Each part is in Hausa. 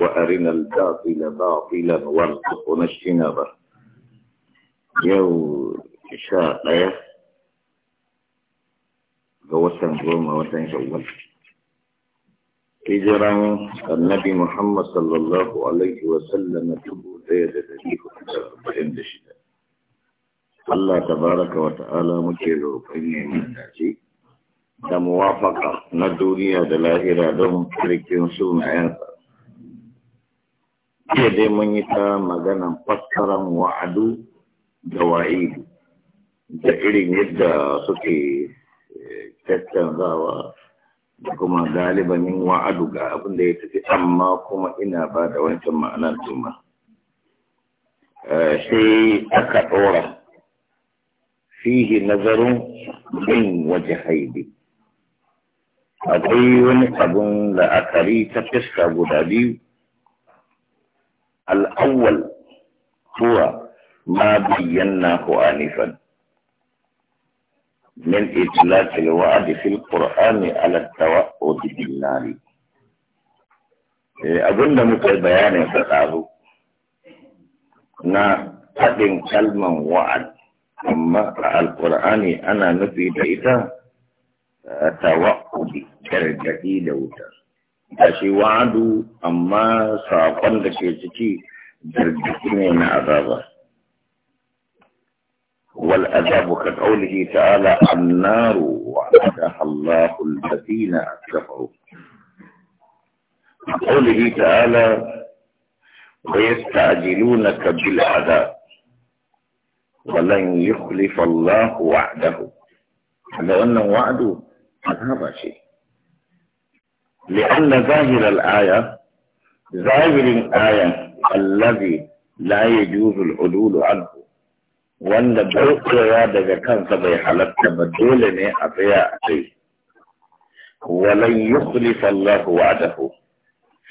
وأرنا الباطل باطلا وارزقنا الشنابة يو شاء غوثا غوما وثا شوال هجرا النبي محمد صلى الله عليه وسلم تبو زيادة تجيك فإن دشتا الله تبارك وتعالى مجيلو فإني من داشي da ندوني هذا لا إرادهم lahira don kirkin Iya dai mun yi ta maganan fassaran wa'adu da wa'idu da irin yadda suke eh, tattaunawa da kuma galibanin wa'adu ga abin da ya tafi amma kuma ina ba da wancan ma'anar tuma. Eh, sai aka ɗora fihi nazarin bin waje haidi. Akwai wani abun da aka ta fiska guda biyu الأول هو ما بيناه آنفا من إطلاق الوعد في القرآن على التوأد بالنار أظن إيه، مثل البيان فقاه نا تدين كلمة وعد أما القرآن أنا نفيد إذا آه، توعد كرجتي لوتر da shi wa'adu amma saƙon da ke ciki jirgin ne na azaba wal azabu ka kaulihi ta'ala annaru wa adaha Allahu alladhina kafaru قوله تعالى ويستعجلونك بالعذاب ولن يخلف الله وعده هذا أنه وعده عذاب شيء لأن ظاهر الآية ظاهر الآية الذي لا يجوز العدول عنه wanda barkewa daga kansa bai halarta ba dole ne a tsaya a kai walan yukhlifa Allah wa'dahu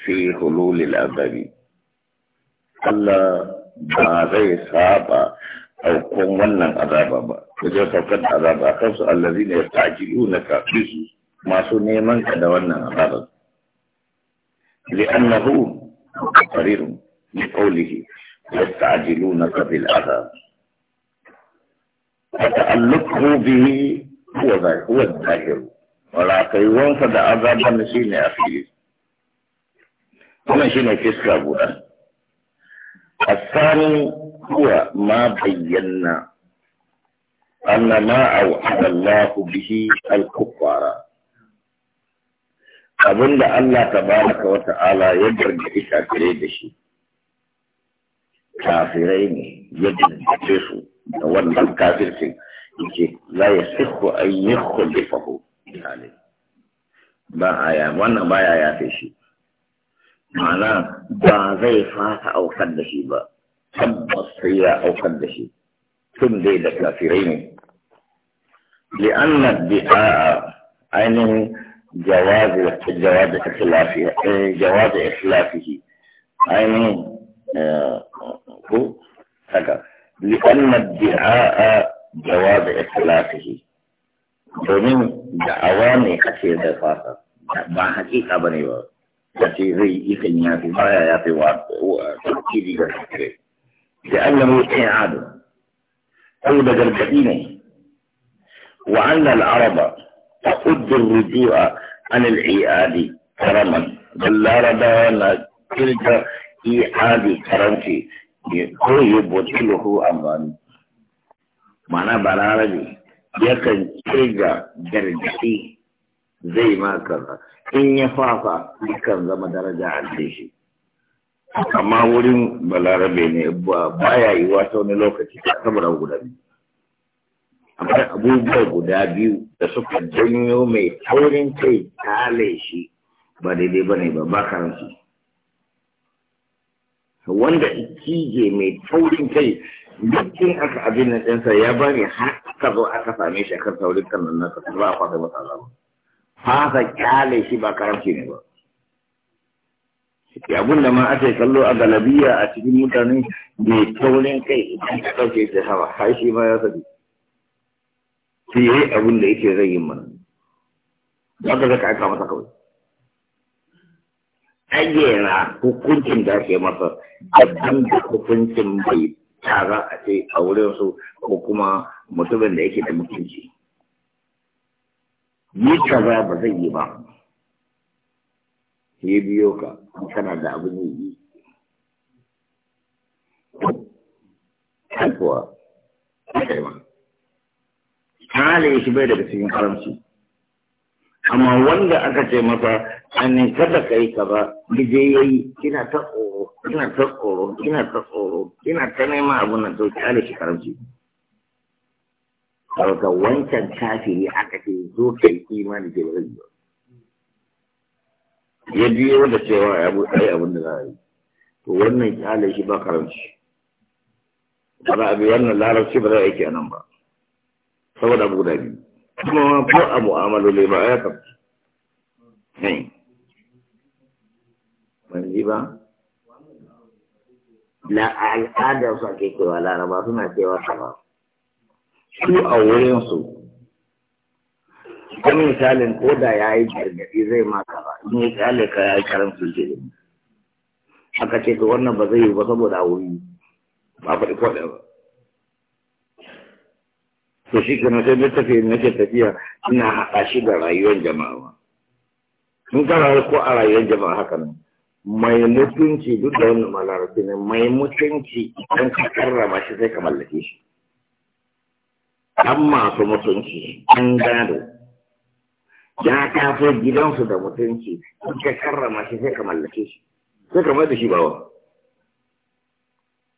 fi hulul al-azabi Allah ba zai saba aukon wannan azaba ba wajen saukar da azaba kansu allazina yastajiluna ka masu neman ka da wannan azabar لأنه قرير لقوله يستعجلونك بالعذاب فتألقه به هو هو الظاهر ولكن وانفد عذابا نسين أخيه ومن شين كسر أبونا الثاني هو ما بينا أن ما أوعد الله به الكفار abin da Allah tabaraka wa ta'ala ya gargaɗi kafirai da shi kafirai ne ya gargaɗe su da wannan kafircin yake za ya sihu an yi khulifahu halin ba a ya wannan baya ya fi shi ma'ana ba zai fata aukar da shi ba tabbas sai ya aukar da shi tun dai da kafirai ne li'anna bi'a ainihin جواز جواز اخلافه إيه جواز اخلافه يعني هو هذا لان الدعاء جواز اخلافه دومين دعوان اخي دفاتا ما حقيقة بني وار تتيري اخي ما يأتي وار تتيري كتير لأنه إعادة قلب جلبتيني وعلى العرب تؤد الرجوع عن الإعادة كرما بل لا رضا تلك إعادة كرمتي هو يبطله أمان Ma'ana Balarabe yakan kirga gargaɗi zai ma kaza in ya fafa yakan zama daraja a shi amma wurin balarabe ne ba ya yi wata wani lokaci saboda guda biyu akwai abubuwa guda biyu da suka janyo mai taurin kai tale shi ba daidai ba ne ba ba karansu wanda kije mai taurin kai dukkan aka abin nan ɗansa ya bari har aka zo aka same shi akan taurin kan nan naka ba a kwasa masa ba fasa kyale shi ba karanci ne ba abin da ma ake kallo a galabiya a cikin mutane mai taurin kai idan ka ɗauke shi hawa har shi ma ya sabi sai yi abin da yake zai yi mana ba ka zaka aika masa kawai ayyana hukuncin da ake masa abin da hukuncin bai tara a ce a wurin su ko kuma mutumin da yake da mutunci yi kaza ba zai yi ba yi biyo ka kana da abin yi yi ma kale shi bai daga cikin haramci amma wanda aka ce masa an kada kai kaza bije yi kina ta tsoro kina ta tsoro kina ta tsoro kina ta nema abun nan to kale shi haramci daga wancan kafiri aka ce zo kima da ke bari ba ya biyo da cewa ya bu ai abin da za a yi to wannan kyale shi ba karanci ba za a bi wannan larabci ba za a yi kenan ba saboda abu guda biyu kuma ko a mu'amaloli ba ya tafi hain manzi ba na al'adar su ake cewa laraba suna cewa sama su a wurinsu ta misalin ko da ya yi gargaɗi zai maka ba in ya kyale ka ya yi su jirin aka ce to wannan ba zai yi ba saboda a wuri ba faɗi kwaɗa ba to shi kenan sai na tafi nake tafiya ina haɗa shi da rayuwar jama'a mun gara ko a rayuwar jama'a haka nan mai mutunci duk da wani malarci ne mai mutunci idan ka karrama shi sai ka mallake shi an masu mutunci an gado ya kafa gidansu da mutunci in ka karrama shi sai ka mallake shi sai ka da shi bawa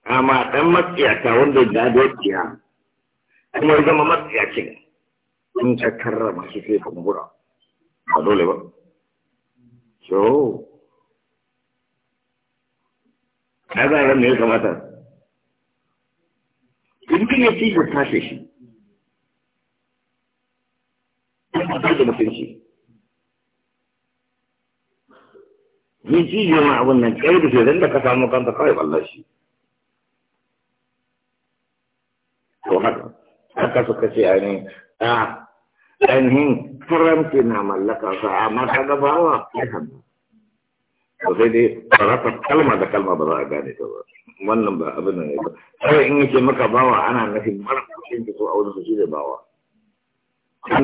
amma dan matsiyata wanda gado kiya kuma ya zama matsayacin in ka karrama shi sai mura ba dole ba so ka zarar me ya kamata in kin ya cikin tashe shi ba da mutunci ni cikin jama'a abin nan kai da ke da ka samu kanta kawai ballar shi haka suka ce ainihin a ah, ainihin karamci na mallaka sa mata ta gabawa ya hannu to sai dai farafar kalma da kalma ba za a gane ta ba wannan ba abin da ne ba sai in yake maka bawa ana nufin mara kusurin da so a wani su shi da bawa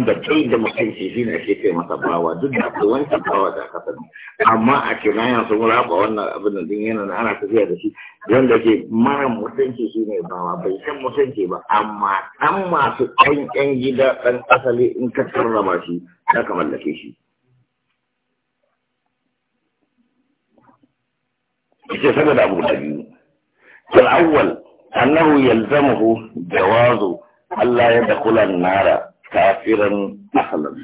da kai da mutunci shi ne ake kai masa bawa duk da akwai wanke bawa da aka ne, amma a kinaya sun raba wannan abin da din yana ana tafiya da shi wanda ke mara mutunci shi ne bawa bai san mutunci ba amma ɗan masu ɗan ƴan gida ɗan asali in ka karrama shi za ka mallake shi. Ike da abu da biyu. awwal annahu yalzamuhu jawazu Allah ya dakula nara كافرا مثلا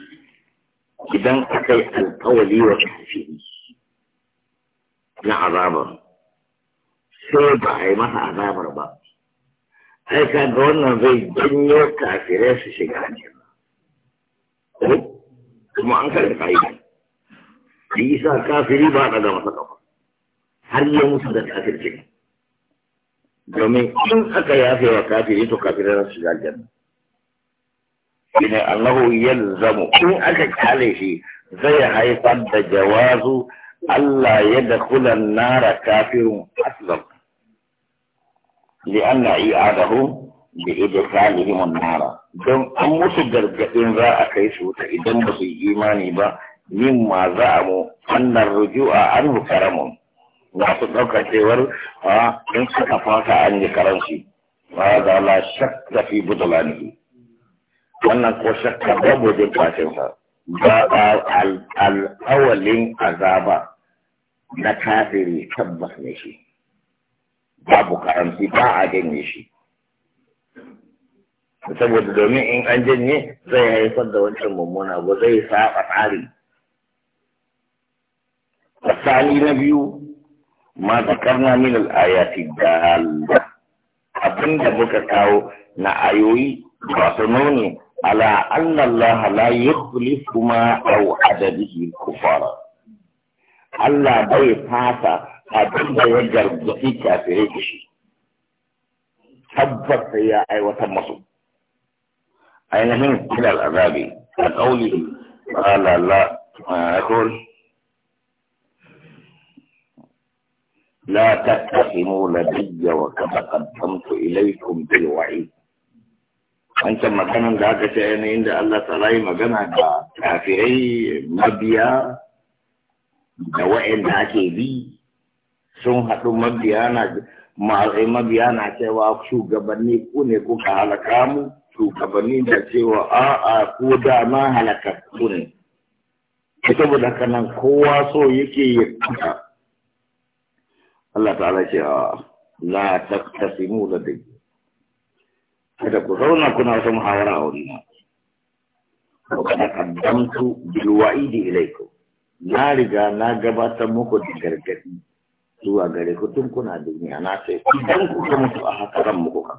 إذن أتي القولي وكافره لعذابا سيبع ما عذاب ربا أي كان دون في الدنيا كافره في شجاعة ثم أنكر القائد ليس كافري بعد هذا مثلا هل يموت هذا الكافر جنة يومي إن أكيافي وكافري تكافر رسول الجنة shine annahu yalzamu in aka kyale shi zai haifar da jawazu Allah ya dakula nara kafirun aslam li'anna i'adahu bi idkhalihim an-nara don an musu gargadin za a kai su ta idan ba su yi imani ba yin ma za a mu annar ruju'a anhu karamun na su ɗaukar cewar a ah, in suka fata an yi karanci ba za la shakka fi budulanihi wannan ko shakka babu jin kwashinsa ba al'awalin azaba na kafiri tabbas ne shi babu karamci ba a janye shi saboda domin in an janye zai haifar da wancan mummuna ba zai saba tsari tsali na biyu ma zakarna min al'ayati da abinda muka kawo na ayoyi masu nuni على أن الله لا يخلف ما أوعد به الكفار الله بي فاسا أبن يجر في كافرين شيء حبت يا أيوة وتمصوا أينهم إلى العذاب كقوله قال لا أقول لا تتخموا لدي وكما قدمت إليكم بالوعيد wancan maganan da aka ce yanayin da Allah ta yi magana da kafirai mabiya da wa'anda ake bi sun haɗu mabiya na ma'azai mabiya na cewa shugabanni ku ne kuka halaka mu shugabanni da cewa a'a ko da ma halaka ku ne saboda nan kowa so yake yi kuka Allah ta'ala ce la da dai. kada ku zauna kuna wata muhawara a wurina ko kada kaddamtu bil wa'idi ilaikum na riga na gabatar muku da gargadi zuwa gare ku tun kuna duniya na sai idan ku ka mutu a hakaran muku kan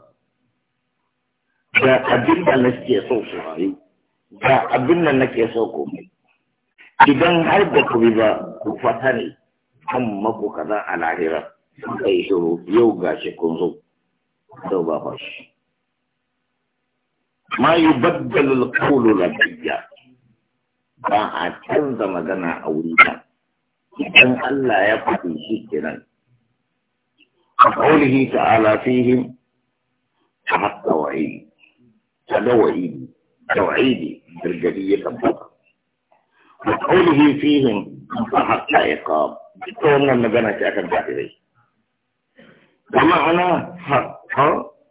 ga abin da nake so ku rayu ga abin da nake so ku mai idan har da ku bi ba ku fata ne kan maku kaza a lahira kai shuru yau gashi kun zo zau ba fashi ما يبدل القول لدي با عشان ذا مغنى أوليك إذن الله يفعل شكرا قوله تعالى فيهم تحت توعيد تدوعيد توعيد برجلية البطر وقوله فيهم تحت إقام بطولنا مغنى شاكرا بحري ومعنى حق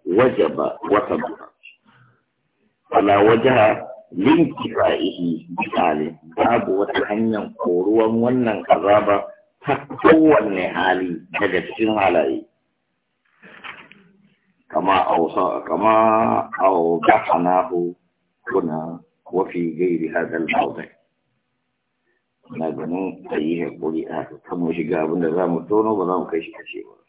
وجب وصدر wala wajaha linkifa'ihi misali babu wata hanyar koruwan wannan azaba ta kowanne hali daga cikin halaye kama ausa kama au bahanahu kuna wafi gairi hadal mawdai na ganin ayi hakuri a kan mu shiga abinda zamu tono ba za mu kai shi kashe ba